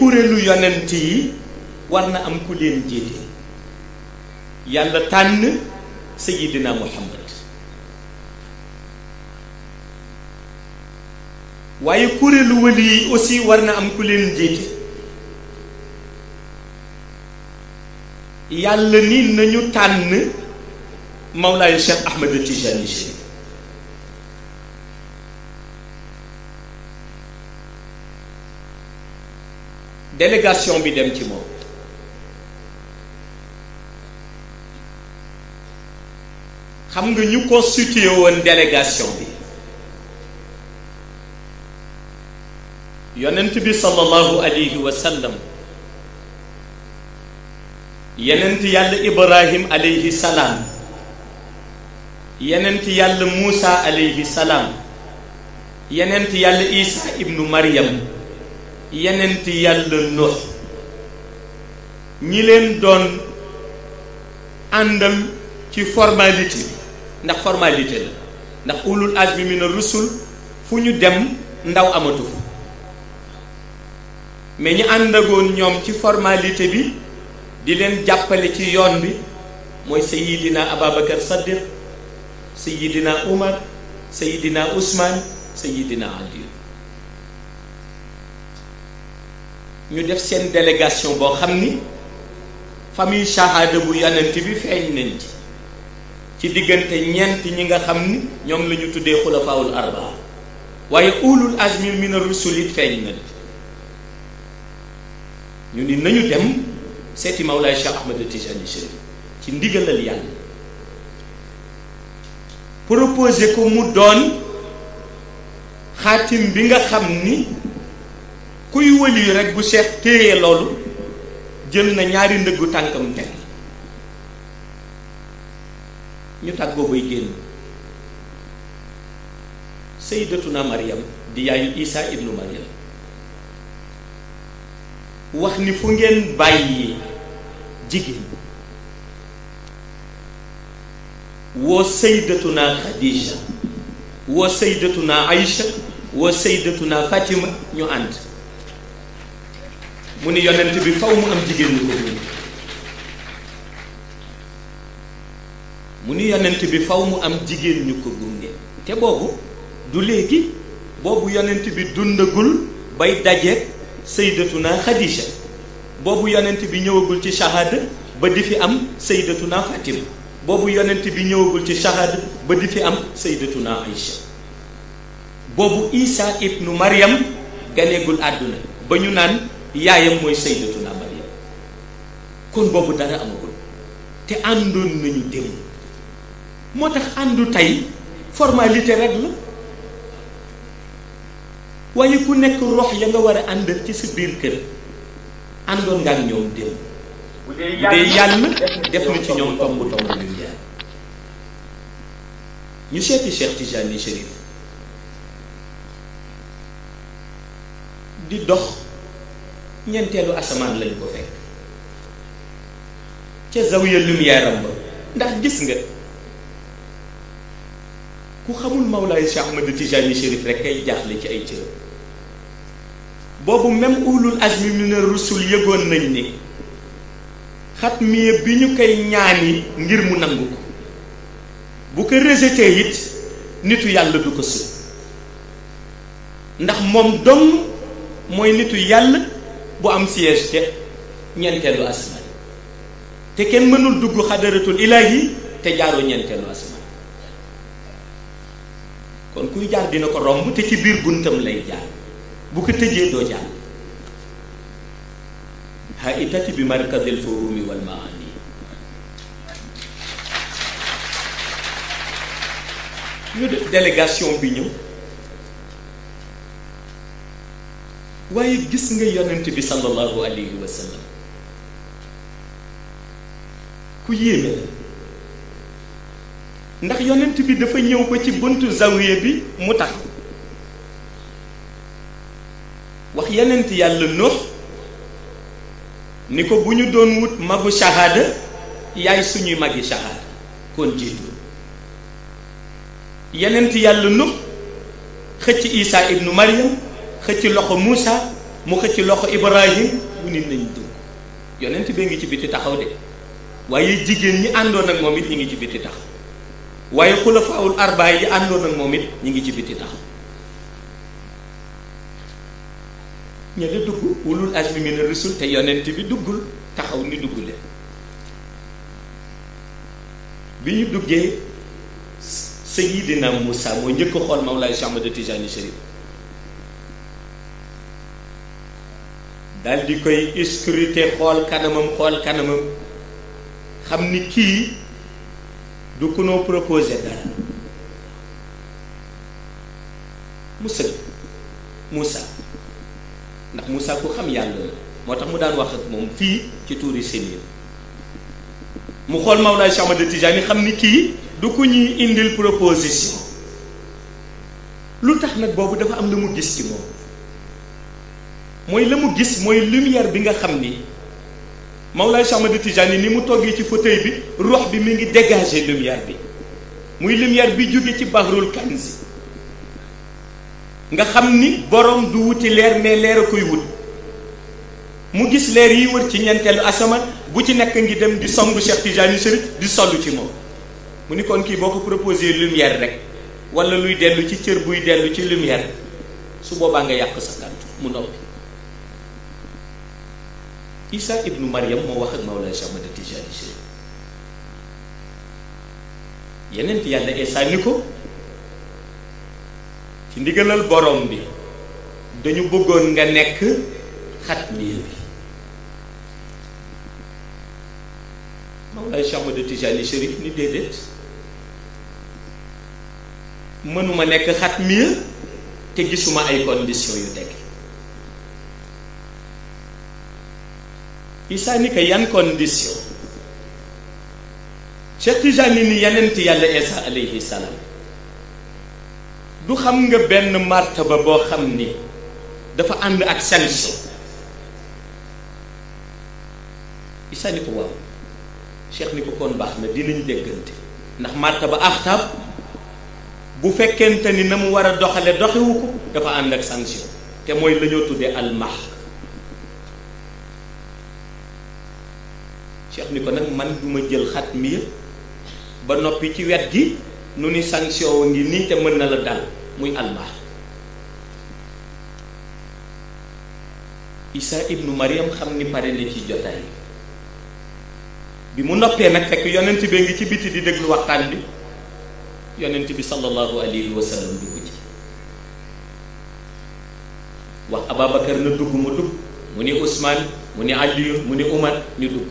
kuréelu yonent yi war na am ku leen jiite yàlla tànn sayidina muhammad waaye kuréelu wali yi aussi war na am ku leen jiite yàlla ni nañu tànn mawlaayu cheikh ahmed tijani chérif délégation bi dem ci moom xam nga ñu constitué woon délégation bi yonent bi sallallahu alayhi wa sallam yenent yàlla ibrahim alayhi salaam yenent yàlla muusa alayhi salaam yàlla isa ibnu maryam yenent yàlla Nuux ñi leen doon àndal ci formalité ndax formalité la ndax ulul azmi mina rusul fu ñu dem ndaw amatu mais ñi àndagoon ñoom ci formalité bi di leen jàppale ci yoon bi mooy sayidina Ababacar Saddiq dina Umar sayidina Ousmane sayidina Ali ñu def seen délégation boo xam ni famille shahada bu yonent bi feeñ nañ ci diggante ñeent ñi nga xam ni ñoom la ñu tuddee xulafaawul arbaa waaye ulul azmi mina rusul it feeñ na ñu ni nañu dem seeti Mawlaay Cheikh Ahmed Tijani Chérif ci ndigalal yàlla proposé ko mu doon xaatim bi nga xam ni kuy wëliyu rek bu Cheikh téye loolu jël na ñaari ndëggu tànkam teg ñu tàggoo bay génn sayyidatuna Maryam di yaayu Isa ibnu Maryam wax ni fu ngeen bàyyi jigéen woo sayyidatuna Khadija woo sayyidatuna Aïcha woo sayyidatuna Fatima ñu ànd mu ni yonent bi faw mu am jigéen ñu ko bi faw mu am jigéen ñu ko gunge te boobu du léegi boobu yonent bi dundagul bay dajeek sayyidatuna Xadija boobu yonent bi ñëwagul ci shahada ba di fi am sayyidatuna Fatima boobu yonent bi ñëwagul ci shahada ba di fi am sayyidatuna Aïcha boobu Isa ibnu Maryam ganeegul àdduna ba ñu naan yaayam mooy sayyidatuna Maryam kon boobu dara amagul te àndoon nañu démb moo tax àndu tey formalité rek la waaye ku nekk rox ya nga war a àndal ci sa biir kër àndoon nga ñoom démb dee yàlla def na ci ñoom tomb tomb luñ jaar ñu seeti Cheikh Tijani Chérif di dox ñeenteelu asamaan lañ ko fekk ca zawiya lumière am ba ndax gis nga ku xamul Mawlaay Cheikh Ahmad Tijani Chérif rek ay jaaxle ci ay cër boobu même ulul azmi mina rusul yëgoon nañ ni xatmiya bi ñu koy ñaani ngir mu nangu ko bu ko rejeté it nitu yàlla du ko sut ndax moom dong mooy nitu yàlla bu am siège ca ñeenteelu asmaan te kenn mënul dugg xadaratul ilaahi te jaaroo ñeenteelu asmaan kon kuy jaar dina ko romb te ci biir buntam lay jaar bu ko tëjee doo jaar haitati bi markazil furumi wal maani def délégation bi ñëw waaye gis nga yonent bi sallallahu alayhi wa sallam ku yéeme la ndax yonent bi dafa ñëw ba ci buntu zawiya bi mu tax wax yonent yàlla Nuux ni ko bu ñu doon wut magu shahada yaay suñuy magi shahada kon jiitu yonent yàlla Nuux xëcc Isaa ibnu Maryam xëcc loxo Moussa mu xëcc loxo Ibrahim mu nit nañ dugg yonent bee ngi ci biti taxaw de waaye jigéen ñi àndoon ak moom it ñi ngi ci biti taxaw waaye xulafaawul arbaay yi àndoon ak moom it ñi ngi ci biti taxaw ña la dugg wulul azmi mina rusul te yonent bi duggul taxaw ni dugg leen bi ñu duggee Seydina Moussa moo njëkk xool Mawlaay Cheikh Ahmad Tijani Chérif dal di koy scruter xool kanamam xool kanamam xam ni kii du ku noo proposé dara mu sëg Moussa ndax Moussa ku xam yàlla la moo tax mu daan wax ak moom fii ci tuuri Siniin mu xool Mawlaay Cheikh Ahmad Tijaani xam ni kii du ku ñuy indil proposition lu tax nag boobu dafa am la mu gis ci moom mooy la mu gis mooy lumière bi nga xam ni Mawlaay Cheikh Ahmad Tijaani ni mu toggee ci fauteuil bi ruux bi mi ngi dégager lumière bi muy limyar bi jóge ci Bahrul Kanzi nga xam ni borom du wuti leer ne leer a koy wut mu gis leer yi wër ci ñeenteelu asamaan bu ci nekk ngi dem di songu Cheikh Tijaani Chérif di sollu ci moom mu ni kon kii boo ko proposé lumière rek wala luy dellu ci cër buy dellu ci lumière su boobaa nga yàq sa kàddu mu noppi Isa ibnu Maryam moo wax ak Mawlana Cheikh Ahmad Tijaani Chérif yeneen ti yàlla Isa ni ko ci ndigalal borom bi dañu bëggoon nga nekk xatmiya bi Mawlana Cheikh Ahmad Tijaani Chérif ni déedéet mënuma nekk xat xatmiya te gisuma ay conditions yu teg isaani ka yan condition Cheikh Tijani ni yenent yàlla Isa alayhi salaam du xam nga benn martaba boo xam ni dafa ànd ak sanction Isa ni ko waaw Cheikh ni ko kon baax na dinañ déggante ndax martaba axtaab bu fekkente ni na mu war a doxale doxewu ko dafa ànd ak sanction te mooy la ñoo tuddee almax Cheikh ni ko nag man duma jël xat mi ba noppi ci wet gi nu ni sanction wa ngi nii te mën na la dal muy almaar Isa ibnu Mariam xam ni pare na ci jotaay bi mu noppee nag fekk yonent bi ngi ci biti di déglu waxtaan bi yonent bi sallallahu alayhi wa sallam dugg ci wax Ababacar na dugg mu dugg mu ni Ousmane mu ni Aliyu mu ni Umar ni dugg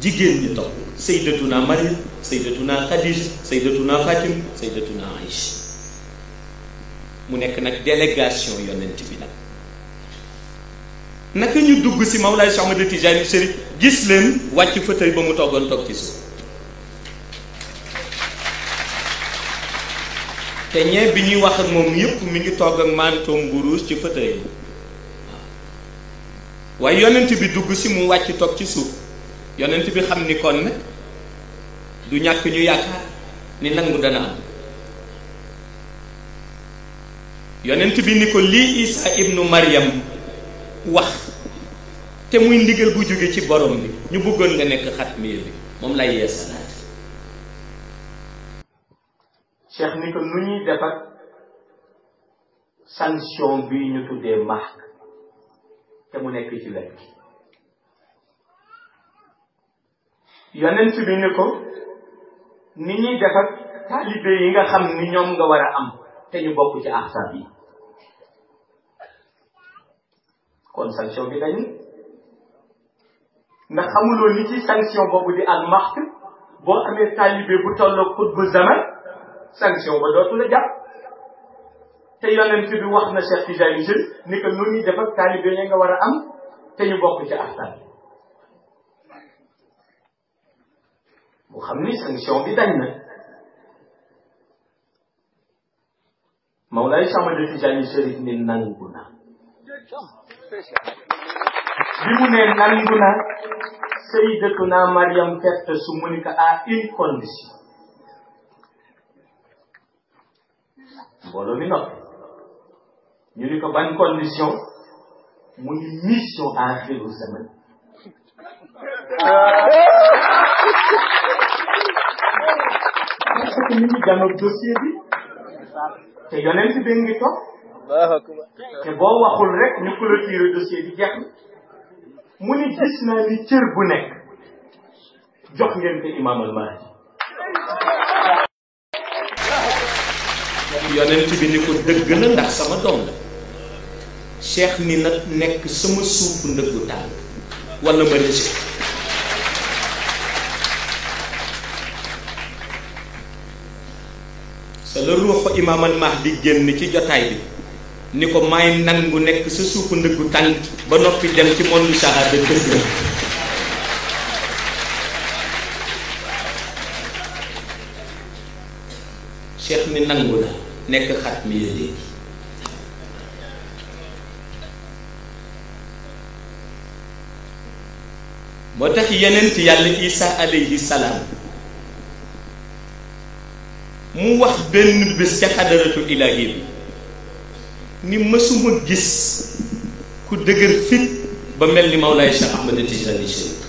jigéen ñi topp saydatuna Maryam saydatuna Khadija saydatuna Fatima saydatuna Aïcha mu nekk nag délégation yonent bi nag naka ñu dugg si Mawlaay Cheikh Ahmad Tijaani Chérif gis leen wàcc fauteuil ba mu toggoon toog ci suuf te ñee bi ñuy wax ak moom yëpp mi ngi togg ak mantoom bu rouge ci fauteuil waaw waaye yonent bi dugg si mu wàcc toog ci suuf yonent bi xam ni kon du ñàkk ñu yaakaar ni nangu dana am yonent bi ni ko lii Isa ibnu Maryam wax te muy ndigal bu jóge ci borom bi ñu bëggoon nga nekk xatmiya bi moom lay yeesalaat cheikh ni ko nu ñuy defar sanction bi ñu tuddee marque te mu nekk ci wet yonent bi ni ko ni ñuy def ak yi nga xam ni ñoom nga war a am te ñu bokk ci ahsab yi kon sanction bi dañu ndax xamuloo ni ci sanction boobu di al maxt boo amee taalibe bu tolloo xutbu zaman sanction ba dootu la jàpp te yonent bi wax na Cheikh Tijani Jël ni que nu ñuy def yi nga war a am te ñu bokk ci ahsab yi mu xam ni sanction bi dañ na Mawlaay Samadu Tijaani Sharif ni nangu na bi mu ne nangu na Sayyidatuna Maryam fett su mu ni ko à une condition mbooloo mi noppi ñu ni ko ban condition mu ni mission à xiru semaine parce que ñu ngi bi ngi toog te boo waxul rek ñu clôturer dossier bi jeex na mu ni gis naa ni cër bu nekk jox ngeen ko imaam al yonent bi ni ko dëgg la ndax sama doom la ni nag nekk sama suuf ndëggu tànk wala ma rejet la ruuxu imaamal mahdi génn ci jotaay bi ni ko may nangu nekk sa suufu ndëggu tànk ba noppi dem ci monde lu dëgg la cheikh mi nangu na nekk xat mi la moo tax yeneen ci yàlla isa alayhi mu wax benn bés ca xadaratu ilaahi bi ni mësuma gis ku dëgër fit ba mel ni Mawlaay Cheikh Ahmad Tijani Chérif